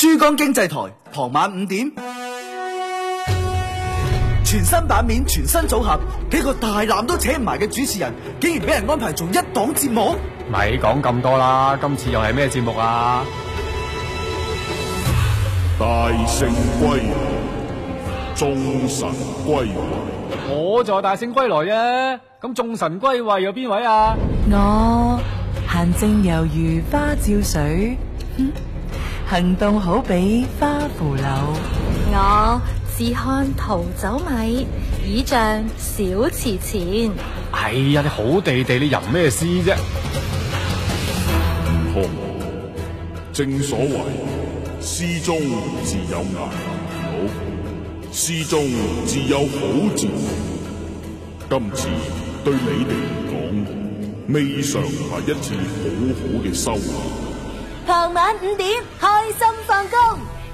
珠江經濟台傍晚五點，全新版面，全新組合，幾個大男都請唔埋嘅主持人，竟然俾人安排做一檔節目，咪講咁多啦！今次又係咩節目啊？大聖歸來，眾神歸位。我就大聖歸來啊！咁眾神歸位有邊位啊？我閒靜猶如花照水。嗯行動好比花扶柳，我自看陶酒米，以仗小池前。哎呀，你好地地，你吟咩詩啫？何物？正所謂詩中自有顏，好詩中自有好字。今次對你哋嚟講，未嘗係一次好好嘅收穫。傍晚五點。開心放工，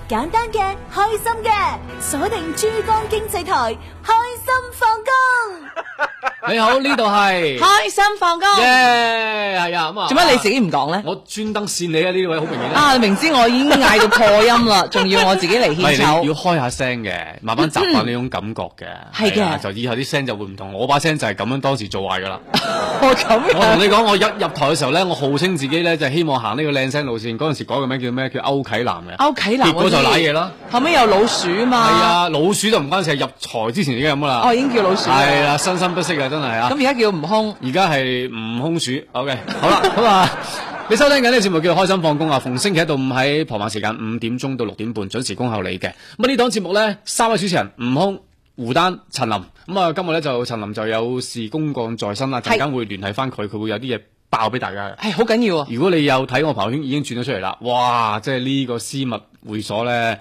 簡單嘅，開心嘅，鎖定珠江經濟台，開心放工。 你好，呢度係開心放歌。耶，係啊咁啊，做乜你自己唔講咧？我專登線你啊，呢位好明顯啊，明知我已經嗌到破音啦，仲要我自己嚟獻醜，你要開下聲嘅，慢慢習慣呢種感覺嘅，係嘅，就以後啲聲就會唔同。我把聲就係咁樣，當時做壞噶啦。我咁，我同你講，我一入台嘅時候咧，我號稱自己咧就希望行呢個靚聲路線。嗰陣時改個名叫咩？叫歐啟南嘅。歐啟南，結果就瀨嘢啦。後尾有老鼠啊嘛。係啊，老鼠就唔關事，入台之前已經咁啦。哦，已經叫老鼠。係啦，生生不息啊。真係啊！咁而家叫悟空，而家係悟空鼠。OK，好啦，咁啊、 嗯，你收聽緊呢個節目叫做《開心放工》啊，逢星期一到五喺傍晚時間五點鐘到六點半準時恭候你嘅。咁、嗯、啊，檔節呢檔節目咧，三位主持人悟空、胡丹、陳琳。咁、嗯、啊，今日咧就陳琳就有事公幹在身啦，陣間會聯繫翻佢，佢是會有啲嘢爆俾大家嘅。係好緊要。啊！如果你有睇我朋友圈，已經轉咗出嚟啦。哇！即係呢個私密會所咧。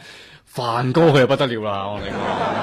飯哥佢又不得了啦！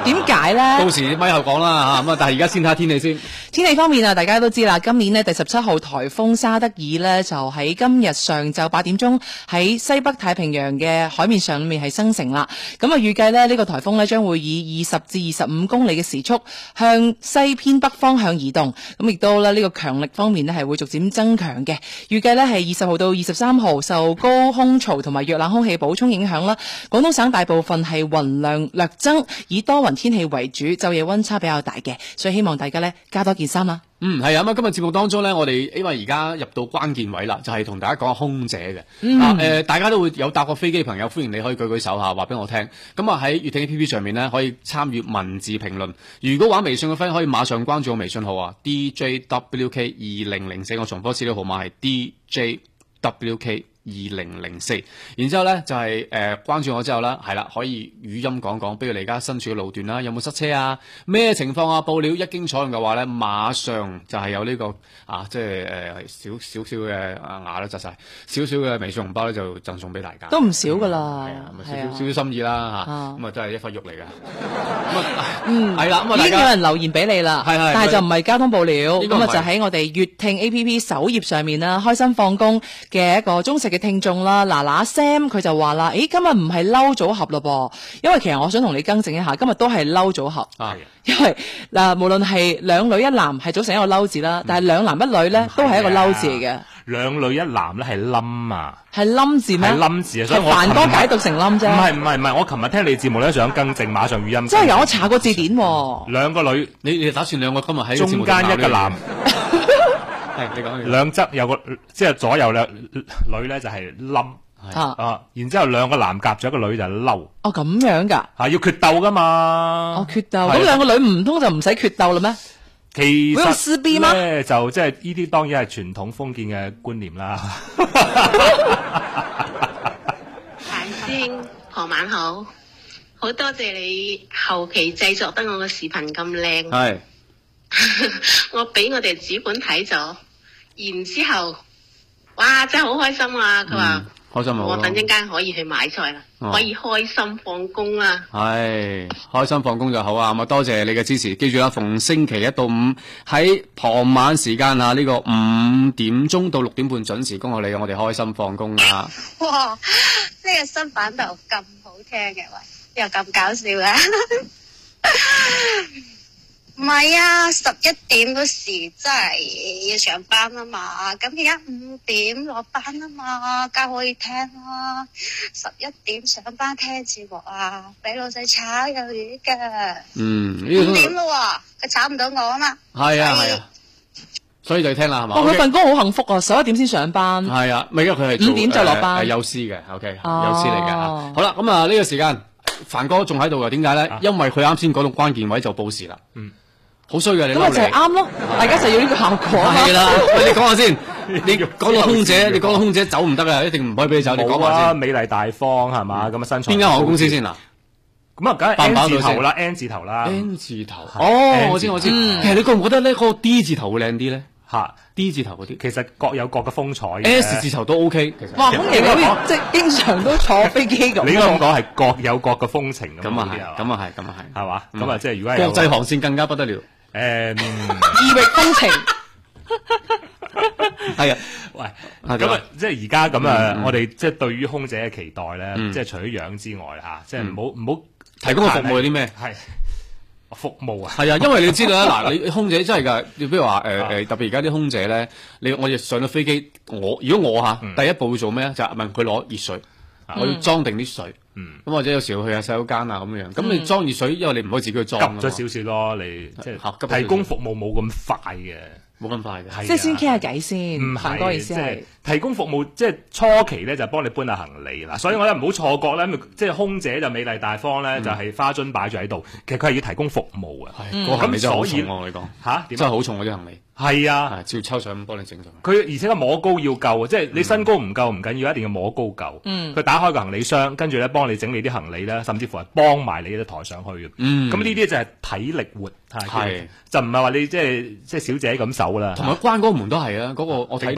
點解呢？到時咪後講啦吓，咁啊！但係而家先睇下天氣先。天氣方面啊，大家都知啦，今年呢，第十七號台風沙德爾呢，就喺今日上晝八點鐘喺西北太平洋嘅海面上面係生成啦。咁啊，預計呢，呢個台風呢，將會以二十至二十五公里嘅時速向西偏北方向移動。咁亦都呢，呢個強力方面呢，係會逐漸增強嘅。預計呢，係二十號到二十三號受高空槽同埋弱冷空氣補充影響啦，廣東省大部分。係雲量略增，以多雲天氣為主，晝夜溫差比較大嘅，所以希望大家呢，加多件衫啦。嗯，係啊，咁今日節目當中呢，我哋因為而家入到關鍵位啦，就係、是、同大家講空姐嘅。嗯、呃，大家都會有搭過飛機嘅朋友，歡迎你可以舉舉手下話俾我在聽。咁啊，喺粵聽 A P P 上面呢，可以參與文字評論。如果玩微信嘅 friend 可以馬上關注我微信號啊，D J W K 二零零四，我重複資料號碼係 D J W K。二零零四，2004, 然之後呢就係、是、誒、呃、關注我之後啦，係、嗯、啦，可以語音講講，比如你而家身處嘅路段啦，有冇塞車啊？咩情況啊？報料一經採用嘅話呢，馬上就係有呢、這個啊，即係誒少少少嘅啊牙都摘晒，少少嘅微信紅包咧就贈送俾大家，都唔少噶啦，少少心意啦嚇，咁啊、嗯、真係一塊肉嚟噶，嗯，係啦、嗯，已經有人留言俾你啦， 但係就唔係交通報料，咁啊就喺、是、我哋粵聽 A P P 首頁上面啦，開心放工嘅一個中食。嘅聽眾啦，嗱嗱 Sam 佢就話啦，誒，今日唔係嬲組合咯噃，因為其實我想同你更正一下，今日都係嬲組合，因為嗱，無論係兩女一男係組成一個嬲字啦，但係兩男一女咧都係一個嬲字嘅。兩女一男咧係冧啊，係冧字咩？冧字啊，所以我琴日解讀成冧啫。唔係唔係唔係，我琴日聽你字幕啦啦想更正，馬上語音。即係由我查過字典喎。兩個女，你你打算兩個今日喺中間一個男？係你講，兩側有個即係左右兩女咧，就係、是、冧啊，啊。然之後兩個男夾住一個女就嬲。哦，咁樣噶，係、啊、要決鬥噶嘛？哦，決鬥，咁兩是個女唔通就唔使決鬥啦咩？其實撕逼咩？就即係呢啲，當然係傳統封建嘅觀念啦。大師兄，傍晚好，好多謝你後期製作得我個視頻咁靚。係是， 我俾我哋主管睇咗。然之後，哇！真係好開心啊！佢話、嗯、開心我等陣間可以去買菜啦，哦、可以開心放工啦。係、哎、開心放工就好啊！咁多謝你嘅支持，記住啦，逢星期一到五喺傍晚時間啊，呢、這個五點鐘到六點半準時恭候你，我哋開心放工啊！哇！呢、呢個新版頭咁好聽嘅，又咁搞笑嘅。 唔係啊，十一點嗰時真係要上班啊嘛，咁而家五點落班啊嘛，梗可以聽啦、啊。十一點上班聽節目啊，俾老細炒魷魚嘅。嗯，五點喎，佢炒唔到我啊嘛。係啊係啊，是啊是啊，所以就聽啦係嘛。哇，佢份工好幸福啊，十一點先上班。係啊，咪因佢係五點就落班，係幼師嘅，OK，幼師嚟嘅。好啦、啊，咁啊呢個時間，凡哥仲喺度啊？點解咧？因為佢啱先講到關鍵位就報時啦。嗯。好衰噶，你咁咪就係啱咯，大家就要呢個效果。係啦，你講下先，你講到空姐，你講到空姐走唔得啊，一定唔可以俾你走。你講下先，美麗大方係嘛，咁嘅身材。邊間航空公司先嗱？咁啊，梗係 N 字頭啦，N 字頭啦。N 字頭哦，我知我知。其實你覺唔覺得呢個 D 字頭會靚啲咧？吓 D 字頭嗰啲，其實各有各嘅風采。S 字頭都 OK，其實。哇，咁而家即係經常都坐飛機咁。你應該咁講係各有各嘅風情咁嗰係咁啊係，咁啊係，係嘛？咁啊，即係如果係國際航線更加不得了。誒，異域風情。係啊，喂，咁啊，即係而家咁啊，我哋即係對於空姐嘅期待咧，即係除咗樣之外吓，即係唔好唔好提供個服務有啲咩？係。服務啊，係啊，因為你知道啦，嗱，你空姐真係噶，你比如話，誒誒，特別而家啲空姐咧，你我哋上咗飛機，我如果我吓，第一步會做咩咧？就問佢攞熱水，我要裝定啲水，咁或者有時去下洗手間啊咁樣，咁你裝熱水，因為你唔可以自己去裝，急咗少少咯，你即係提供服務冇咁快嘅，冇咁快嘅，即係先傾下偈先，唔係，思係。提供服務即係初期咧就幫你搬下行李啦，所以我呢唔好錯覺咧，即係空姐就美麗大方咧，就係花樽擺住喺度。其實佢係要提供服務嘅，個行李真係我同你講嚇，真係好重嗰啲行李。係啊，照抽水咁幫你整上。佢而且摸高要夠，即係你身高唔夠唔緊要，一定要摸高夠。佢打開個行李箱，跟住咧幫你整理啲行李呢，甚至乎係幫埋你啲抬上去咁呢啲就係體力活，係就唔係話你即係即係小姐咁手啦。同埋關個門都係啊，嗰個我睇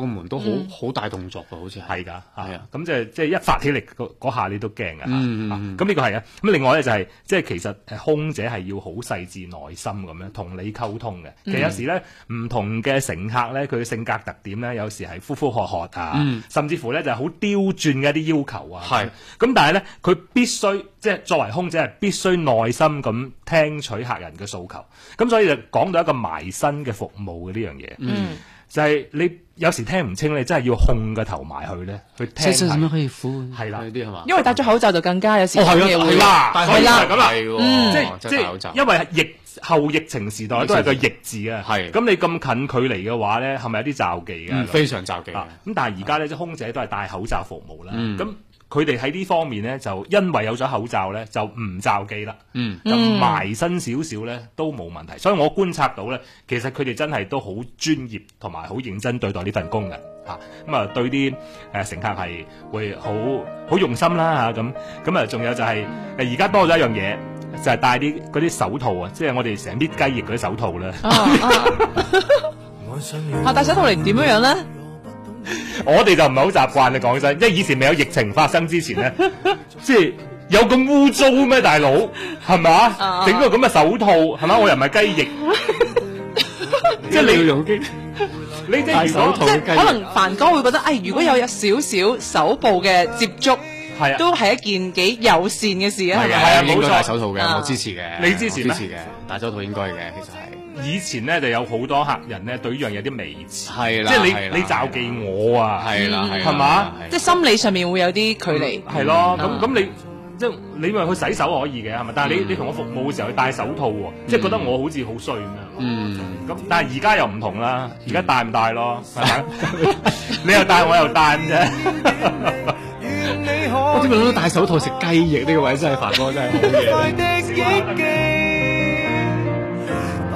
個門都好好大動作嘅，好似係噶，係啊，咁的即係即係一發起嚟嗰下你都驚嘅，咁呢個係啊。咁另外咧就係、是、即係其實空姐係要好細緻耐心咁樣同你溝通嘅。嗯、其實有時咧唔同嘅乘客咧佢嘅性格特點咧有時係呼呼喝喝啊，嗯、甚至乎咧就係好刁鑽嘅一啲要求啊。係咁的，的但係咧佢必須即係作為空姐係必須耐心咁聽取客人嘅訴求。咁所以就講到一個埋身嘅服務嘅呢樣嘢。嗯。就係你有時聽唔清，你真係要控個頭埋去咧，去聽下。係啦，的因為戴咗口罩就更加有時。哦，係啦，係啦，係啦，咁啦，嗯、即係即係，口罩因為疫後疫情時代都係個疫字啊。係，咁你咁近距離嘅話咧，係咪有啲詐忌嘅？嗯？非常詐忌咁，啊、但係而家咧，啲空姐都係戴口罩服務啦。咁、嗯佢哋喺呢方面咧，就因為有咗口罩咧，就唔罩機啦。嗯，就埋身少少咧都冇問題。所以我觀察到咧，其實佢哋真係都好專業同埋好認真對待呢份工嘅嚇咁啊，啊，對啲誒乘客係會好好用心啦嚇咁咁啊，仲、啊、有就係誒而家多咗一樣嘢，就係、是、戴啲嗰啲手套、就是、啊，即、啊、係、啊、 我哋成日搣雞翼嗰啲手套啦。嚇戴手套嚟點樣樣咧？我哋就唔係好習慣你講起身，因為以前未有疫情發生之前咧，即係有咁污糟咩？大佬係咪？整個咁嘅手套係咪？我又唔係雞翼，即係你，呢啲你戴手套即可能凡哥會覺得，哎，如果有少少手部嘅接觸，係都係一件幾友善嘅事啦，係啊，冇戴手套嘅，我支持嘅，你支持嘅，戴手套應該嘅，其實係。以前咧就有好多客人咧對呢樣有啲微詞，即係你你罩忌我啊，係嘛？即係心理上面會有啲距離。係咯，咁咁你即係你話去洗手可以嘅係咪？但係你你同我服務嘅時候戴手套喎，即係覺得我好似好衰咁樣。嗯，咁但係而家又唔同啦，而家戴唔戴咯？你又戴我又戴咁啫。我點解攞到戴手套食雞翼呢個位真係凡哥真係好嘢。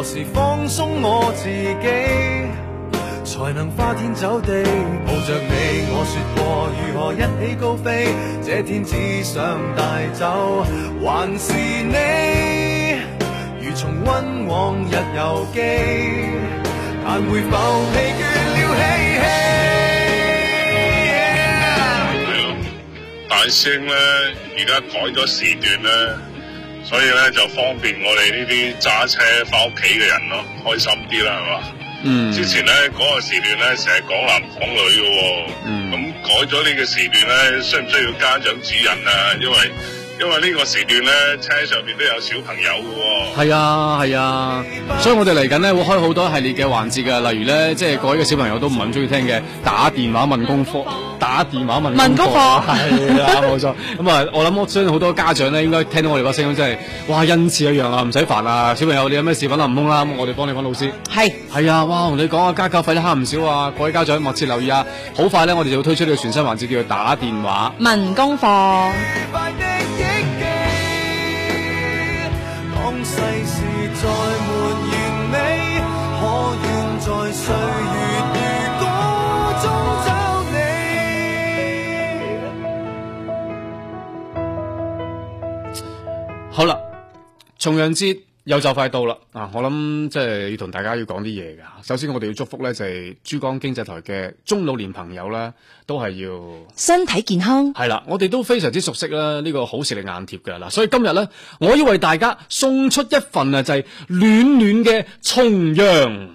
何時放鬆我自己，才能花天酒地抱着你？我說過如何一起高飛，這天只想帶走還是你？如重温往日遊記，但會否疲倦了嬉戲、yeah! 哎？大聲呢？而家改咗時段咧。所以咧就方便我哋呢啲揸車翻屋企嘅人咯，開心啲啦，係嘛？嗯，之前咧嗰個時段咧成日講男講女嘅喎，嗯，咁改咗呢個時段咧，需唔需要家長指引啊？因為。因為呢個時段咧，車上邊都有小朋友噶。哦，係啊，係啊，所以我哋嚟緊咧會開好多系列嘅環節嘅，例如咧，即係嗰啲小朋友都唔係咁中意聽嘅，打電話問功課，打電話問功課。係啊，冇錯。咁啊、 嗯，我諗，我相信好多家長咧，應該聽到我哋個聲音，真係，哇，恩賜一樣啊，唔使煩啊，小朋友，你有咩事，搵阿林峰啦，咁我哋幫你搵老師。係係是啊，哇，同你講啊，家教費都慳唔少啊，各位家長密切留意啊，好快咧，我哋就會推出呢個全新環節，叫做「打電話問功課。世事再沒完美，可願在歲月如歌中找你。好啦。重陽節，又就快到啦！啊，我諗即係要同大家要講啲嘢噶。首先，我哋要祝福咧，就係、是、珠江經濟台嘅中老年朋友啦，都係要身體健康。係啦，我哋都非常之熟悉啦，呢、這個好視力眼貼㗎啦。所以今日咧，我要為大家送出一份啊，就係暖暖嘅重陽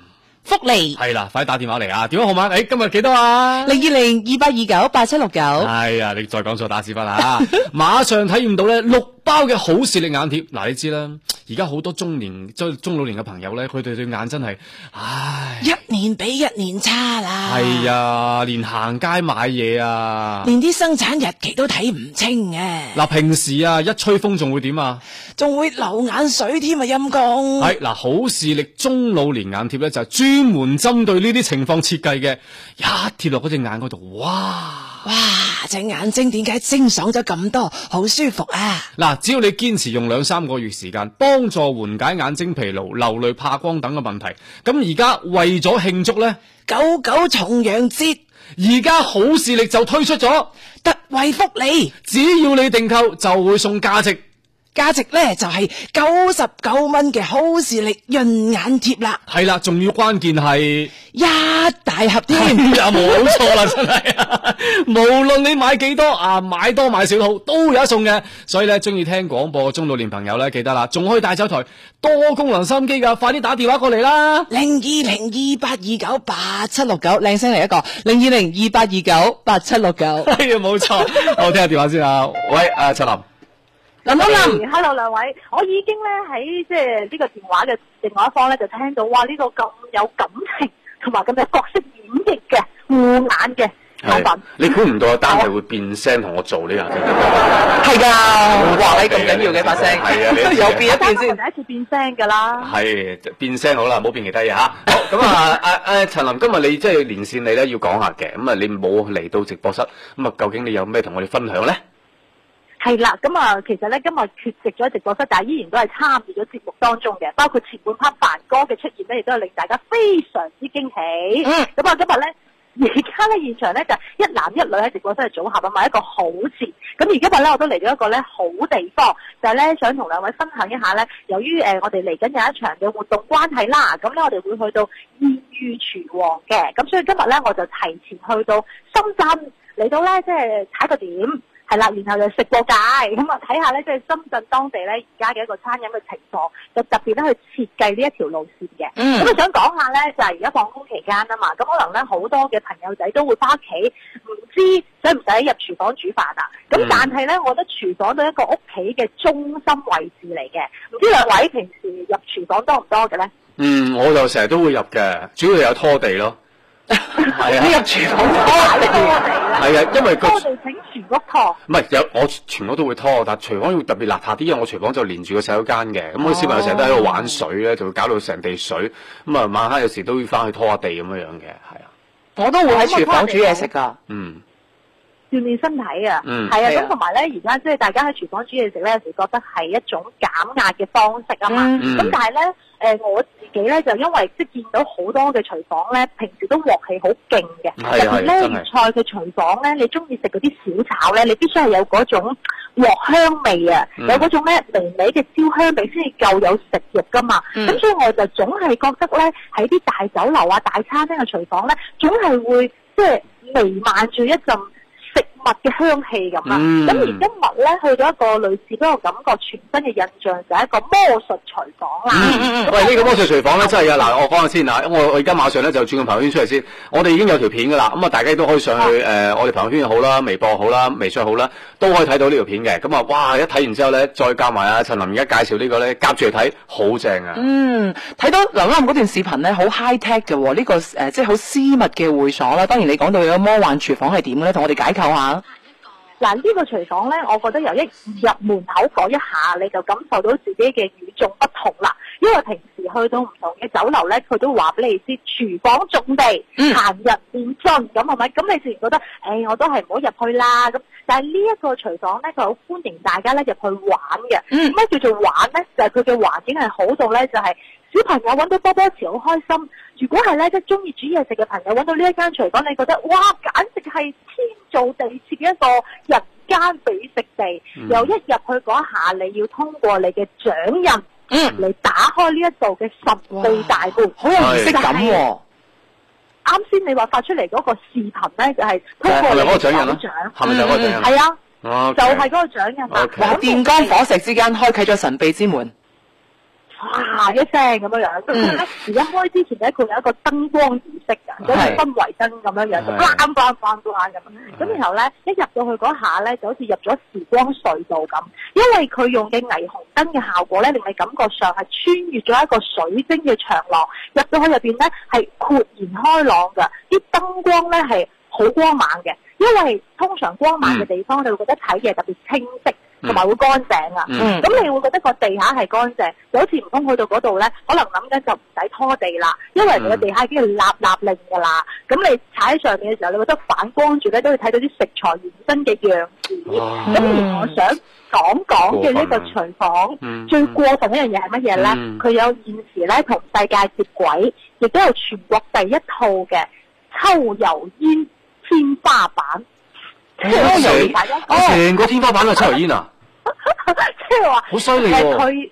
福利。係啦，快打電話嚟啊！電話號碼誒，今日幾多啊？零二零二八二九八七六九。係啊、哎，你再講錯打屎忽啦！ 馬上體驗到咧六。包嘅好視力眼貼，嗱，你知啦，而家好多中年、中中老年嘅朋友咧，佢哋對眼真係，唉，一年比一年差啦。係啊，連行街買嘢啊，連啲生產日期都睇唔清嘅、啊。嗱，平時啊，一吹風仲會點啊？仲會流眼水添啊，陰公。係嗱，好視力中老年眼貼咧，就係專門針對呢啲情況設計嘅，一貼落嗰隻眼嗰度，哇！哇！隻眼睛點解清爽咗咁多，好舒服啊！嗱，只要你堅持用兩三個月時間，幫助緩解眼睛疲勞、流淚、怕光等嘅問題。咁而家為咗慶祝呢九九重陽節，而家好視力就推出咗特惠福利，只要你訂購就會送價值。價值咧就係九十九蚊嘅好視力潤眼貼啦，係啦，仲要關鍵係一大盒添，冇錯啦，真係， 無論你買幾多啊，買多買少都好都有得送嘅，所以咧，中意聽廣播中老年朋友咧，記得啦，仲可以帶走台多功能收音機噶，快啲打電話過嚟啦，零二零二八二九八七六九，靚聲嚟，一個零二零二八二九八七六九，係啊，冇錯、 哎，我聽下電話先 啊，喂，阿卓林。林東林，hello 兩位，我已經咧喺即係呢個電話嘅另外一方咧，就聽到哇呢個咁有感情同埋咁有角色演繹嘅護眼嘅作品，你估唔到阿丹係會變聲同我做呢樣？係噶，哇你咁緊要嘅把聲，係啊，又變一變先，第一次變聲噶啦，係變聲好啦，唔好變其他嘢吓。咁啊，誒誒，陳林，今日你即係連線你咧，要講下嘅，咁啊，你冇嚟到直播室，咁啊，究竟你有咩同我哋分享咧？係啦，咁啊、嗯，其實咧今日缺席咗喺直播室，但係依然都係參與咗節目當中嘅，包括前半 part 凡哥嘅出現咧，亦都係令大家非常之驚喜。嗯，咁啊、嗯，今日咧而家咧現場咧就一男一女喺直播室嘅組合啊，嘛一個好字。咁、嗯、而今日咧我都嚟到一個咧好地方，就係、是、咧想同兩位分享一下咧，由於、呃、我哋嚟緊有一場嘅活動關係啦，咁、嗯、咧、嗯、我哋會去到燕遇廚王嘅，咁、嗯、所以今日咧我就提前去到深圳嚟到咧，即係踩個點。係啦，然後就食過街，咁啊睇下咧，即係、就是、深圳當地咧而家嘅一個餐飲嘅情況，就特別咧去設計呢一條路線嘅。嗯，咁啊想講下咧，就係而家放工期間啊嘛，咁可能咧好多嘅朋友仔都會翻屋企，唔知使唔使入廚房煮飯啊？咁、嗯、但係咧，我覺得廚房都係一個屋企嘅中心位置嚟嘅，唔知兩位平時入廚房多唔多嘅咧？嗯，我就成日都會入嘅，主要係有拖地咯。係啊，你入廚房 拖地拖地啦，係啊，因為個拖地整。全屋拖，唔係有我全屋都會拖，但係廚房要特別邋遢啲，因為我廚房就連住個洗手間嘅，咁我小朋友成日都喺度玩水咧，就會搞到成地水，咁啊晚黑有時都會翻去拖下地咁樣樣嘅，係啊。我都會喺廚房煮嘢食噶、啊，嗯，鍛鍊身體啊，嗯，係啊，咁同埋咧而家即係大家喺廚房煮嘢食咧，有時覺得係一種減壓嘅方式啊嘛，咁、嗯、但係咧誒我。己咧就因為即見到好多嘅廚房咧，平時都鑊氣好勁嘅，特別咧粵菜嘅廚房咧，你中意食嗰啲小炒咧，你必須係有嗰種鑊香味啊，嗯、有嗰種咧微微嘅焦香味先至夠有食欲噶嘛。咁、嗯、所以我就總係覺得咧，喺啲大酒樓啊、大餐廳嘅廚房咧，總係會即係瀰漫住一陣食物嘅香氣咁啦，咁、嗯、而今日咧去到一個類似嗰個感覺，全新嘅印象就係一個魔術廚房啦。喂，呢、這個魔術廚房咧真係啊！嗱、嗯，我講下先啊，我我而家馬上咧就轉個朋友圈出嚟先。我哋已經有條片噶啦，咁啊，大家都可以上去誒、啊呃，我哋朋友圈好啦，微博好啦，微信好啦，都可以睇到呢條片嘅。咁、嗯、啊，哇！一睇完之後咧，再加埋阿陳琳而家介紹呢個咧，夾住嚟睇好正啊！啊嗯，睇到嗱啱嗰段視頻咧，好 high tech 嘅呢、哦這個誒，即係好私密嘅會所啦。當然你講到有魔幻廚房係點咧，同我哋解構下。嗱，呢個廚房呢，我覺得由一入門口嗰一下，你就感受到自己嘅與眾不同啦。因為平時去到唔同嘅酒樓呢，佢都話俾你知廚房重地，行人勿進咁係咪？咁你自然覺得，誒、哎，我都係唔好入去啦。咁但係呢一個廚房呢，佢好歡迎大家呢入去玩嘅。咁咩、嗯、叫做玩呢？就係佢嘅環境係好到呢，就係、是、小朋友揾到波波池好開心。如果係呢，即係中意煮嘢食嘅朋友揾到呢一間廚房，你覺得哇，簡直係天！做地設一個人間美食地，又一入去嗰一下，你要通過你嘅掌印嚟打開呢一度嘅十倍大罐，好有儀式感。啱先你話發出嚟嗰個視頻咧，就係通過你嘅掌印咯，係啊，就係嗰個掌印。哇！電光火石之間，開啟咗神秘之門。嘩一聲咁樣樣，而家、嗯、開之前咧，佢有一個燈光儀式噶，有啲氛圍燈咁樣樣，就亮翻翻咁。咁是然後咧，一入到去嗰下咧，就好似入咗時光隧道咁，因為佢用嘅霓虹燈嘅效果咧，令你感覺上係穿越咗一個水晶嘅長廊。入到去入邊咧，係豁然開朗嘅，啲燈光咧，係好光猛嘅。因為通常光猛嘅地方，嗯、你會覺得睇嘢特別清晰，同埋、嗯、會乾淨啊。咁、嗯、你會覺得個地下係乾淨，嗯、就好似唔通去到嗰度呢，可能諗緊就唔使拖地啦，因為你個地下已經係立立令噶啦。咁、嗯、你踩喺上面嘅時候，你覺得反光住呢，都會睇到啲食材原身嘅樣子。咁而、哦嗯、我想講講嘅呢個廚房過、啊、最過分一樣嘢係乜嘢呢？佢、嗯、有現時呢，同世界接軌，亦都有全國第一套嘅抽油煙。天花板，抽成個天花板啊！抽油煙啊，即係話，好犀利。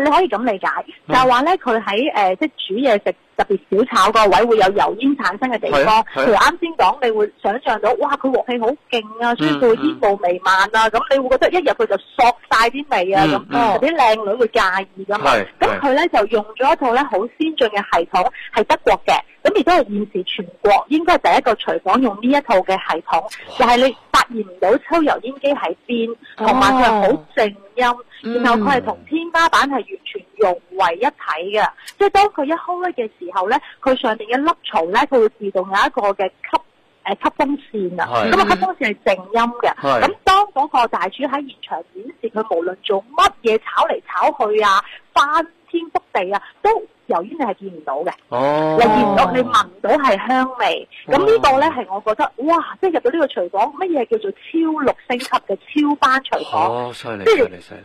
你可以咁理解，嗯、就係話咧，佢喺誒即煮嘢食，特別小炒個位會有油煙產生嘅地方。譬如啱先講，你會想象到，哇！佢鑊氣好勁啊，嗯、所以佢煙霧瀰漫啊，咁、嗯、你會覺得一入去就索曬啲味啊咁。咁啲靚女會介意噶嘛？咁佢咧就用咗一套咧好先進嘅系統，係德國嘅，咁亦都係現時全國應該係第一個廚房用呢一套嘅系統，哇就係你發現唔到抽油煙機喺邊，同埋佢好靜。音，然後佢係同天花板係完全融為一體嘅，即係當佢一開嘅時候咧，佢上面嘅粒槽咧，佢會自動有一個嘅吸誒、呃、吸風扇啊，咁是吸風扇係靜音嘅，咁是當嗰個大廚喺現場展示他，佢無論做乜嘢炒嚟炒去啊，翻天覆地啊，都。油煙你係見唔到嘅，你、哦、見唔到，哦、你聞到係香味。咁、哦、呢個咧係我覺得，哇！即係入到呢個廚房，乜嘢叫做超六星級嘅超班廚房？犀利犀利犀利！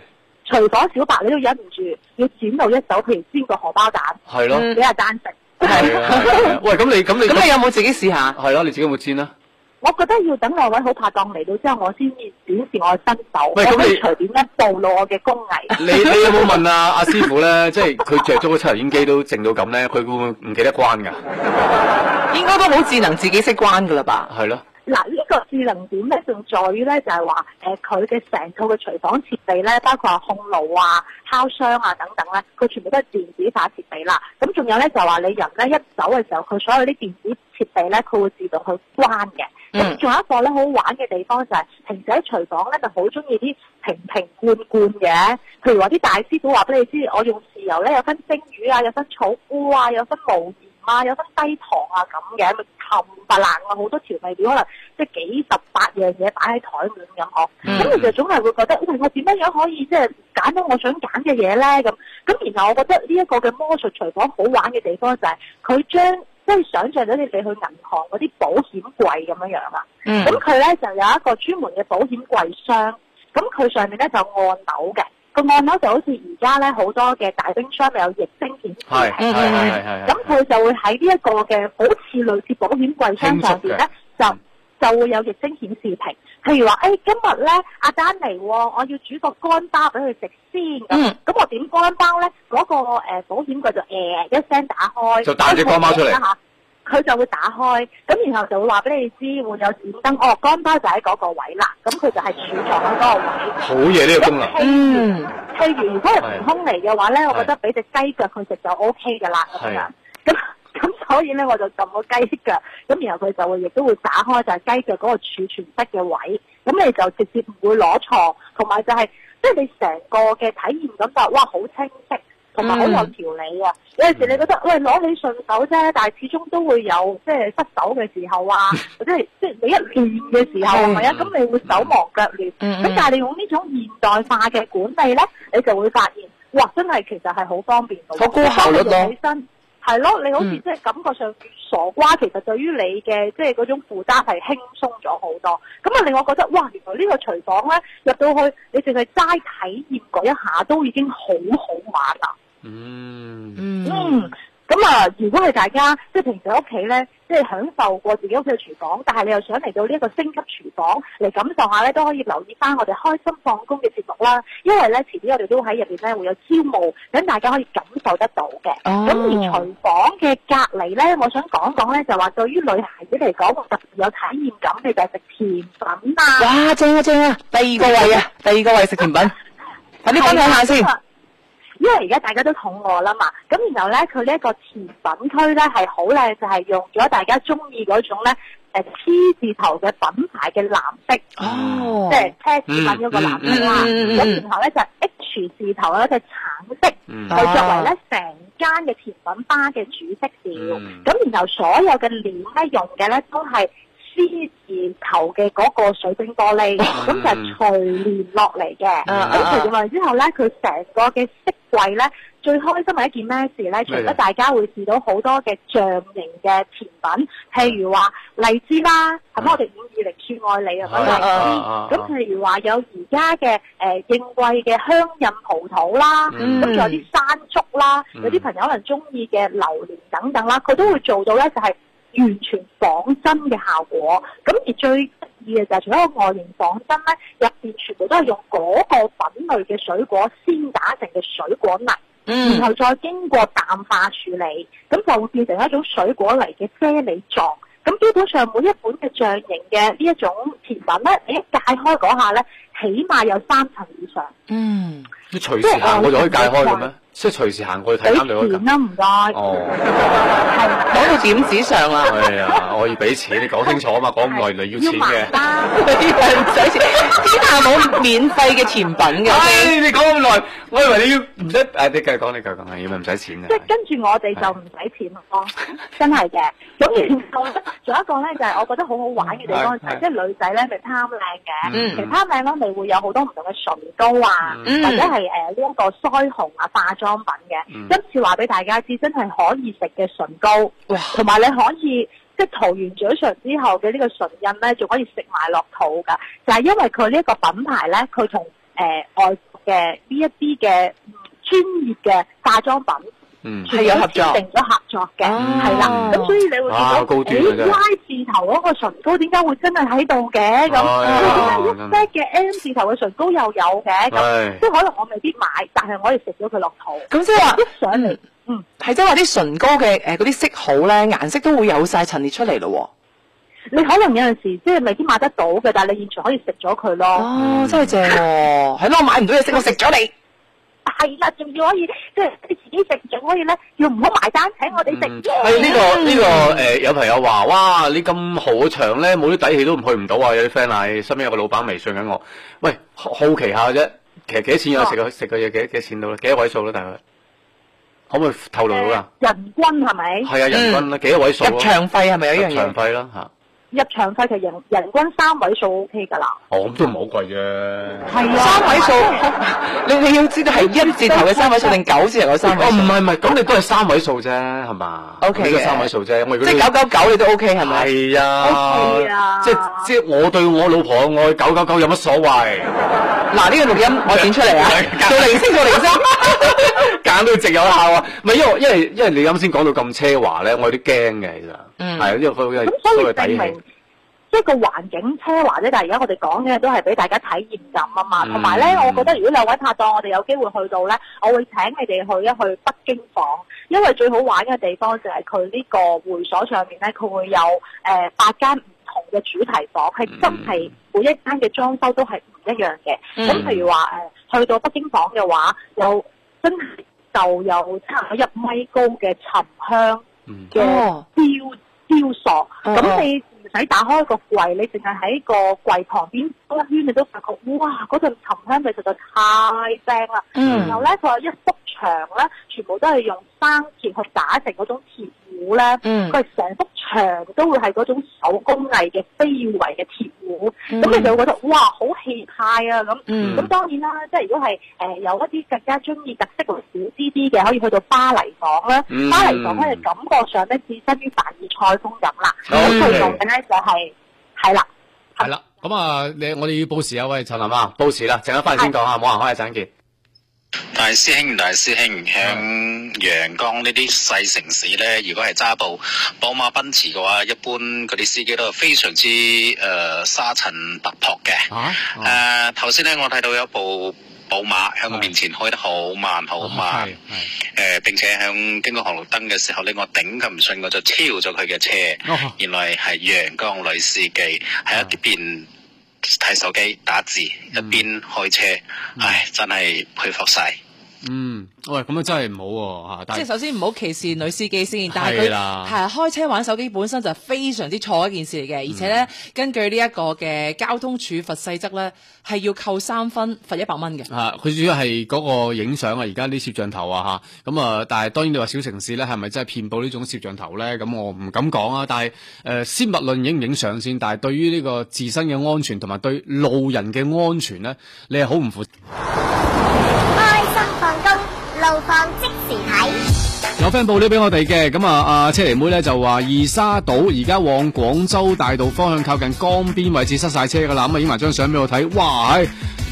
廚房小白你都忍唔住要剪到一手，譬如煎個荷包蛋，係咯的，比較單食。嗯、 喂，咁你咁你咁 你有冇自己試下？係咯，你自己有冇煎啦？我覺得要等兩位好拍檔嚟到之後，我先至展示我嘅新手，喂，咁你隨便咧暴露我嘅工藝。你你有冇問啊阿、 啊、師傅咧？即係佢着咗個抽油煙機都靜到咁咧，佢會唔會唔記得關噶？ 應該都好智能，自己識關噶啦吧？係咯。嗱，呢個智能點咧，仲在於咧，就係話，誒，佢嘅成套嘅廚房設備咧，包括話控爐啊、烤箱啊等等咧，佢全部都係電子化設備啦。咁仲有咧，就係話你人咧一走嘅時候，佢所有啲電子設備咧，佢會自動去關嘅。嗯。咁仲有一個咧，好玩嘅地方就係，平時喺廚房咧，就好中意啲瓶瓶罐罐嘅。譬如話，啲大師傅話俾你知，我用豉油咧，有分蒸魚啊，有分草菇啊，有分無鹽啊，有分低糖啊咁嘅。冚唪唥啊！好多調味料可能即係幾十八樣嘢擺喺台面咁，嗬。咁其實總係會覺得，我點樣樣可以即係揀到我想揀嘅嘢咧？咁咁，然後我覺得呢一個嘅魔術廚房好玩嘅地方就係，佢將即係想象咗你哋去銀行嗰啲保險櫃咁樣樣啊。咁佢咧就有一個專門嘅保險櫃箱，咁佢上面咧就有按鈕嘅。個按鈕就好似而家咧好多嘅大冰箱咪有液晶顯示屏，咁佢就會喺呢一個嘅好似類似保險櫃箱上邊咧，就就會有液晶顯示屏。譬如話，誒、哎、今日咧阿丹嚟，我要煮個乾包俾佢食先。咁、嗯、我點乾包咧？嗰、那個、呃、保險櫃就誒一聲打開，就打隻乾包出嚟嚇。佢就會打開，咁然後就會話俾你知，會有閃燈。哦，乾包就喺嗰個位啦。咁佢就係儲藏喺嗰個位。好嘢，呢個功能。嗯。譬如如果係唔空嚟嘅話咧，是我覺得俾隻雞腳佢食就 O K 嘅啦。係是。咁咁所以咧，我就撳個雞腳，咁然後佢就會亦都會打開就雞腳，就係雞腳嗰個儲存室嘅位。咁你就直接唔會攞錯，同埋就係即係你成個嘅體驗感覺，哇好清晰。同埋好有條理嘅、啊。有陣時你覺得喂攞起順手啫，但係始終都會有即係失手嘅時候啊，或者係即係你一亂嘅時候，係咪啊？咁你會手忙腳亂。咁、 嗯嗯嗯、但係你用呢種現代化嘅管理咧，你就會發現，哇！真係其實係好方便你起身，係咯？你好似即係感覺上傻瓜，其實對於你嘅即係嗰種負擔係輕鬆咗好多。咁啊，令我覺得哇！原來呢個廚房咧入到去，你淨係齋體驗嗰一下，都已經好好玩啦～嗯嗯，咁、嗯、啊，如果係大家即係平時喺屋企咧，即係、就是、享受過自己屋企嘅廚房，但係你又想嚟到呢一個升級廚房嚟感受下咧，都可以留意翻我哋開心放工嘅節目啦。因為咧，遲啲我哋都喺入邊咧會有招募，等大家可以感受得到嘅。咁、啊、而廚房嘅隔籬咧，我想講講咧，就話對於女孩子嚟講，特別有體驗感嘅就係食甜品啊！哇，正啊正啊！第二，啊 第二個位啊，第二個位食甜品， 快啲分享下先。 因為而家大家都肚餓啦嘛，咁然後咧佢呢一個甜品區咧係好靚就係、是、用咗大家中意嗰種咧誒 T 字頭嘅品牌嘅藍色，哦、即係 T e 字咁樣個藍色啦，咁、嗯嗯、然後咧就是、H 字頭咧就是、橙色，去、嗯、作為咧成間嘅甜品吧嘅主色調，咁、嗯、然後所有嘅鏈咧用嘅咧都係。啲然球嘅嗰個水晶玻璃，咁就係垂落嚟嘅。咁垂落嚟之後咧，佢成個嘅飾櫃咧，最開心係一件咩事咧？麼除咗大家會試到好多嘅象形嘅甜品，譬如話荔枝啦，係、啊、我哋五二零說愛你啊嗰啲？咁芝、啊啊、譬如話有而家嘅誒應季嘅香印葡萄啦，咁仲、嗯、有啲山竹啦，嗯、有啲朋友可能中意嘅榴蓮等等啦，佢都會做到咧，就係、是。完全仿真嘅效果，咁而最得意嘅就係，除咗個外形仿真咧，入邊全部都係用嗰個品類嘅水果先打成嘅水果泥，嗯、然後再經過淡化處理，咁就會變成一種水果嚟嘅啫喱狀。咁基本上每一款嘅象形嘅呢一種甜品咧，誒，你一解開嗰下咧，起碼有三層以上。嗯，隨時下我就是、可以解開嘅咩？即係隨時行過去睇啱就可以揼，哦，係講到點子上啦。係啊，我要俾錢，你講清楚啊嘛，講咁耐你要錢嘅。要麻麻，唔使錢，天下冇免費嘅甜品嘅。哎，你講咁耐，我以為你要唔使誒，你繼續講，你繼續講，要咪唔使錢嘅。即係跟住我哋就唔使錢咯，真係嘅。咁然後仲有一個咧，就係我覺得好好玩嘅地方，即係女仔咧咪貪靚嘅，其實貪靚咧咪會有好多唔同嘅唇膏啊，或者係誒呢一個腮紅啊，化妝。商品嘅，今次話俾大家知，真係可以食嘅唇膏，同埋唉你可以即係塗完嘴唇之後嘅呢個唇印呢，仲可以食埋落肚噶，就係、是、因為佢呢一個品牌呢，佢同誒外國嘅呢一啲嘅專業嘅化妝品。嗯，係有合作定咗合作嘅，係啦，咁所以你會見到，誒，Y 字頭嗰個唇膏點解會真係喺度嘅？咁，咁，一 set 嘅 M 字頭嘅唇膏又有嘅，咁，即係可能我未必買，但係我可以食咗佢落肚。咁即係話，上嚟，嗯，係即係話啲唇膏嘅，誒，嗰啲色號咧，顏色都會有晒陳列出嚟咯。你可能有陣時即係未必買得到嘅，但係你現場可以食咗佢咯。哦，真係正。哦，係咯，我買唔到嘢食，我食咗你。係啦，仲要可以即係你自己食，仲可以咧，又唔好埋單請我哋食。係呢、嗯呢個呢、呢個誒、呃，有朋友話：哇！你咁好場咧，冇啲底氣都去唔到啊！有啲 friend 啊，身邊有個老闆微信緊我，喂，好奇下啫。其實幾錢啊？食個食個嘢幾多錢到咧？幾多，多位數咧？大概可唔可以透露到啊？人均係咪？係啊，人均啦，幾多位數？入、嗯、場費係咪一樣嘢？入場費啦嚇。入場費就人人均三位數 O K 噶啦哦，咁都唔係好貴啫。係啊，三位數，你你要知道係一字頭嘅三位數定九字頭嘅三位數？哦唔係唔係，咁你都係三位數啫係嘛，O K 三位數啫，即係九九九你都 O K 係咪？係啊，係啊，即係即係我對我老婆嘅愛九九九有乜所謂？嗱呢個錄音我剪出嚟啊，做明星做你先，揀到值有啦，唔係因為因為因為你啱先講到咁奢華咧，我有啲驚嘅其實。嗯，係啊，呢個咁、這個、所以證明即係個環境奢華咧，但係而家我哋講嘅都係畀大家體驗感啊嘛。同埋咧，我覺得如果兩位拍檔我哋有機會去到咧，我會請你哋去一去北京房，因為最好玩嘅地方就係佢呢個會所上面咧，佢會有八、呃、間唔同嘅主題房，係、嗯、真係每一間嘅裝修都係唔一樣嘅。咁譬如話、呃、去到北京房嘅話有真係就有差唔多一米高嘅沉香嘅標雕塑，咁、嗯、你唔使打開個櫃，你淨係喺個櫃旁邊兜一圈，你都發覺，哇，嗰陣沉香味實在太正啦。嗯，然後咧，佢有一幅牆咧，全部都係用生鐵去打成嗰種鐵壺咧，佢係成幅牆都會係嗰種手工藝嘅非遺嘅鐵壺，咁你、嗯、就會覺得哇，好氣派啊！咁、嗯，咁、嗯、當然啦，即係如果係誒有一啲更加中意特色小啲啲嘅，可以去到巴黎房啦，嗯、巴黎房咧感覺上咧置身於法式菜風格。好、嗯，最重要咧就係係啦，係啦，咁啊，你我哋要報時啊，喂，陳林啊，報時啦，陣間翻嚟先講嚇，冇人開啊，陣間見。大師兄，大師兄，響陽江呢啲細城市呢，如果係揸部寶馬、奔馳嘅話，一般嗰啲司機都係非常之誒、呃、沙塵突破嘅。嚇、啊！頭先、啊、呢，我睇到有一部寶馬喺我面前開得好慢好慢。係並且響經過紅綠燈嘅時候呢，我頂佢唔順，我就超咗佢嘅車。啊、原來係陽江女司機，喺一邊睇手機打字，一邊開車。嗯、唉，真係佩服晒。嗯，喂，咁啊真係唔好喎，吓！即係首先唔好歧視女司機先，但係佢係開車玩手機本身就係非常之錯一件事嚟嘅，嗯、而且咧根據呢一個嘅交通處罰細則咧，係要扣三分罰，罰一百蚊嘅。啊，佢主要係嗰個影相啊，而家啲攝像頭啊，吓咁啊！但係當然你話小城市咧，係咪真係遍佈呢種攝像頭咧？咁我唔敢講啊。但係誒、呃，先勿論影唔影相先，但係對於呢個自身嘅安全同埋對路人嘅安全咧，你係好唔負。開心放工，路況即時睇。有 friend 報料俾我哋嘅，咁啊阿車厘妹咧就話二沙島而家往廣州大道方向靠近江邊位置塞晒車噶啦，咁啊影埋張相俾我睇，哇！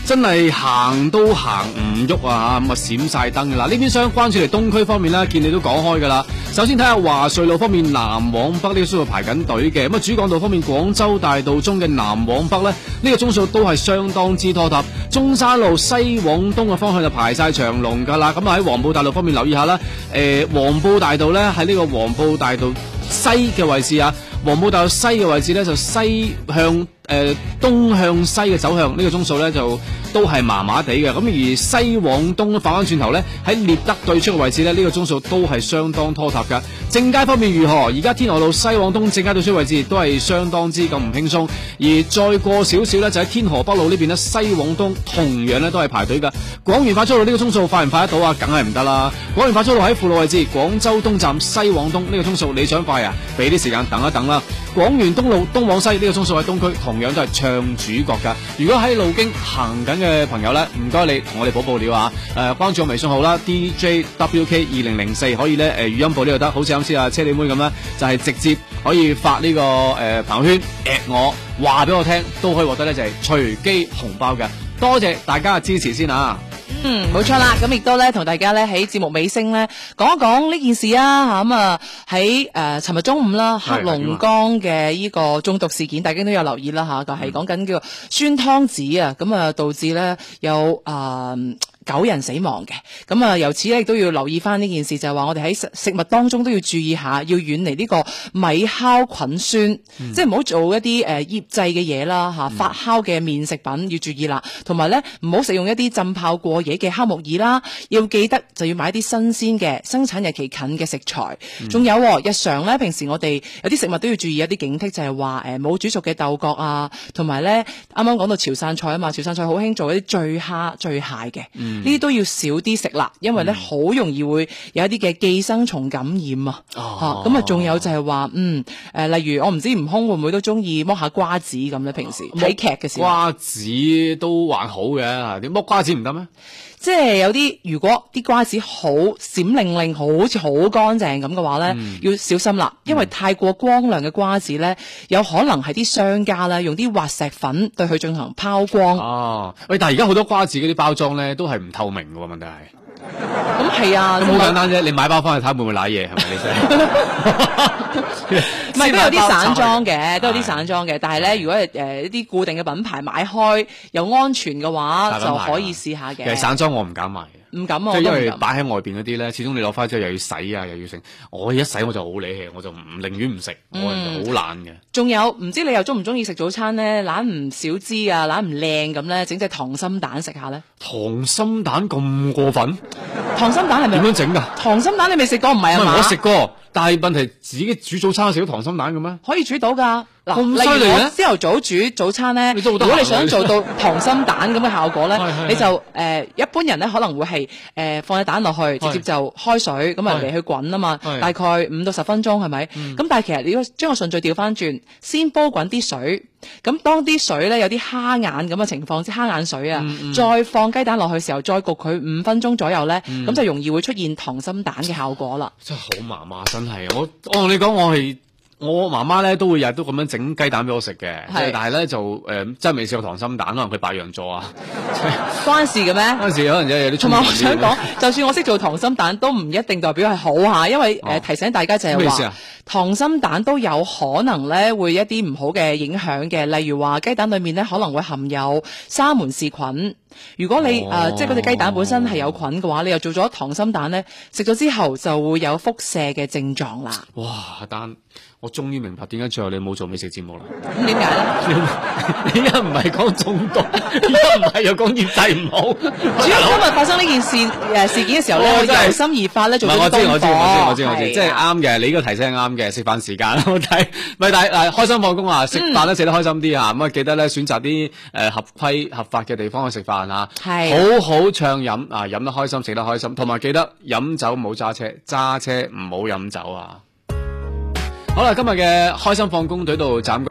真係行都行唔喐啊！咁啊閃晒燈㗎啦，呢邊相關住嚟東區方面呢，見你都講開噶啦。首先睇下華瑞路方面，南往北呢個隧道排緊隊嘅，咁啊主幹道方面廣州大道中嘅南往北呢，呢、呢個鐘數都係相當之拖沓。中山路西往東嘅方向就排晒長龍噶啦。咁啊喺黃埔大道方面留意下啦，誒、呃、黃埔大道呢，喺呢個黃埔大道西嘅位置啊，黃埔大道西嘅位置呢，就西向。誒、呃、東向西嘅走向，呢個鐘數咧就。都係麻麻地嘅，咁而西往東反翻轉頭呢，喺獵德對出嘅位置呢，呢、呢個鐘數都係相當拖沓噶。正街方面如何？而家天河路西往東正街對出位置都係相當之咁唔輕鬆。而再過少少呢，就喺天河北路呢邊呢，西往東同樣呢都係排隊噶。廣園快速路呢個鐘數快唔快得到啊？梗係唔得啦！廣園快速路喺輔路位置，廣州東站西往東呢個鐘數，你想快啊？俾啲時間等一等啦。廣園東路東往西呢個鐘數喺東區，同樣都係唱主角噶。如果喺路經行緊嘅，嘅朋友咧，唔該你同我哋補報料啊！誒、呃，關注我微信號啦，DJWK 二零零四， 可以咧誒、呃、語音補料又得，好似啱先啊車你妹咁咧，就係、是、直接可以發呢、這個誒、呃、朋友圈 at 我，話俾我聽，都可以獲得咧就係隨機紅包嘅。多謝大家嘅支持先啊。嗯，冇錯啦，咁亦都咧同大家咧喺節目尾聲咧講一講呢件事啊，吓，咁啊喺誒，尋日中午啦，黑龍江嘅呢個中毒事件，啊、大家都有留意啦，吓，啊，就係講緊叫酸湯子啊，咁啊導致咧有啊。呃九人死亡嘅，咁啊，由此咧亦都要留意翻呢件事，就係、是、話我哋喺食食物當中都要注意下，要遠離呢個米酵菌酸，嗯、即係唔好做一啲誒醃製嘅嘢啦，吓、呃啊、發酵嘅麵食品要注意啦，同埋咧唔好食用一啲浸泡過夜嘅黑木耳啦，要記得就要買啲新鮮嘅生產日期近嘅食材，仲、嗯、有、哦、日常咧平時我哋有啲食物都要注意一啲警惕就，就係話誒冇煮熟嘅豆角啊，同埋咧啱啱講到潮汕菜啊嘛，潮汕菜好興做一啲醉蝦醉蟹嘅。嗯呢啲都要少啲食啦，因為咧好、嗯、容易會有一啲嘅寄生蟲感染啊！咁、哦、啊，仲有就係話，嗯，誒、呃，例如我唔知悟空會唔會都中意剝下瓜子咁咧？平時睇劇嘅時候，瓜子都還好嘅，點剝瓜子唔得咩？即係有啲，如果啲瓜子好閃靈靈，好似好乾淨咁嘅話咧，嗯、要小心啦，因為太過光亮嘅瓜子咧，有可能係啲商家咧用啲滑石粉對佢進行拋光。啊、喂！但係而家好多瓜子嗰啲包裝咧都係唔透明㗎嘛，問題係。咁係 啊，咁好是簡單啫，你買包翻去睇會唔會瀨嘢係咪？你 先唔係都有啲散裝嘅，的都有啲散裝嘅，但係咧的如果誒一啲固定嘅品牌買開又安全嘅話，就可以試下嘅。其實散裝我唔敢買嘅。唔敢，啊、敢，我即係因為擺喺外邊嗰啲咧，始終你攞翻之後又要洗啊，又要食。我一洗我就好理氣，我就唔寧願唔食，嗯、我好懶嘅。仲有，唔知你又中唔中意食早餐咧？懶唔少支啊，懶唔靚咁咧，整隻糖心蛋食下咧。糖心蛋咁過分？糖心蛋係咪點樣整噶？糖心蛋你未食過？唔係啊，我食過，但係問題自己煮早餐食到糖心蛋嘅咩？可以煮到噶。嗱，例如我朝頭早煮早餐咧，如果你想做到溏心蛋咁嘅效果咧，你就誒一般人咧可能會係誒放隻蛋落去，直接就開水咁嚟嚟去滾啊嘛，大概五到十分鐘，係咪？咁但係其實你要將個順序調返轉，先煲滾啲水，咁當啲水咧有啲蝦眼咁嘅情況，即蝦眼水啊，再放雞蛋落去時候，再焗佢五分鐘左右咧，咁就容易會出現溏心蛋嘅效果啦。真係好麻麻，真係我我同你講，我係。我媽媽咧都會日日都咁樣整雞蛋俾我食嘅，是但係咧就誒、呃、真係未試過溏心蛋，可能佢白羊座啊，關事嘅咩？關事，可能有同埋我想講， 就算我識做溏心蛋，都唔一定代表係好吓，因為誒、哦呃、提醒大家就係話，事啊、溏心蛋都有可能咧會有一啲唔好嘅影響嘅，例如話雞蛋裏面咧可能會含有沙門氏菌，如果你誒、哦呃、即係嗰隻雞蛋本身係有菌嘅話，你又做咗溏心蛋咧，食咗之後就會有腹瀉嘅症狀啦。哇，我終於明白點解最後你冇做美食節目啦？咁點解咧？點解唔係講中毒？點解唔係又講業績唔好？主要今日發生呢件事誒事件嘅時候咧，用心而發咧做咗我知，我知，我知，我知，我知，即係啱嘅。你呢個提醒啱嘅。食飯時間，我睇，唔係大，誒開心放工啊！食飯都食得開心啲啊！咁啊記得咧選擇啲誒合規合法嘅地方去食飯啊！係好好暢飲啊！飲得開心，食得開心，同埋記得飲酒唔好揸車，揸車唔好飲酒啊！好啦，今日嘅開心放工隊度斬。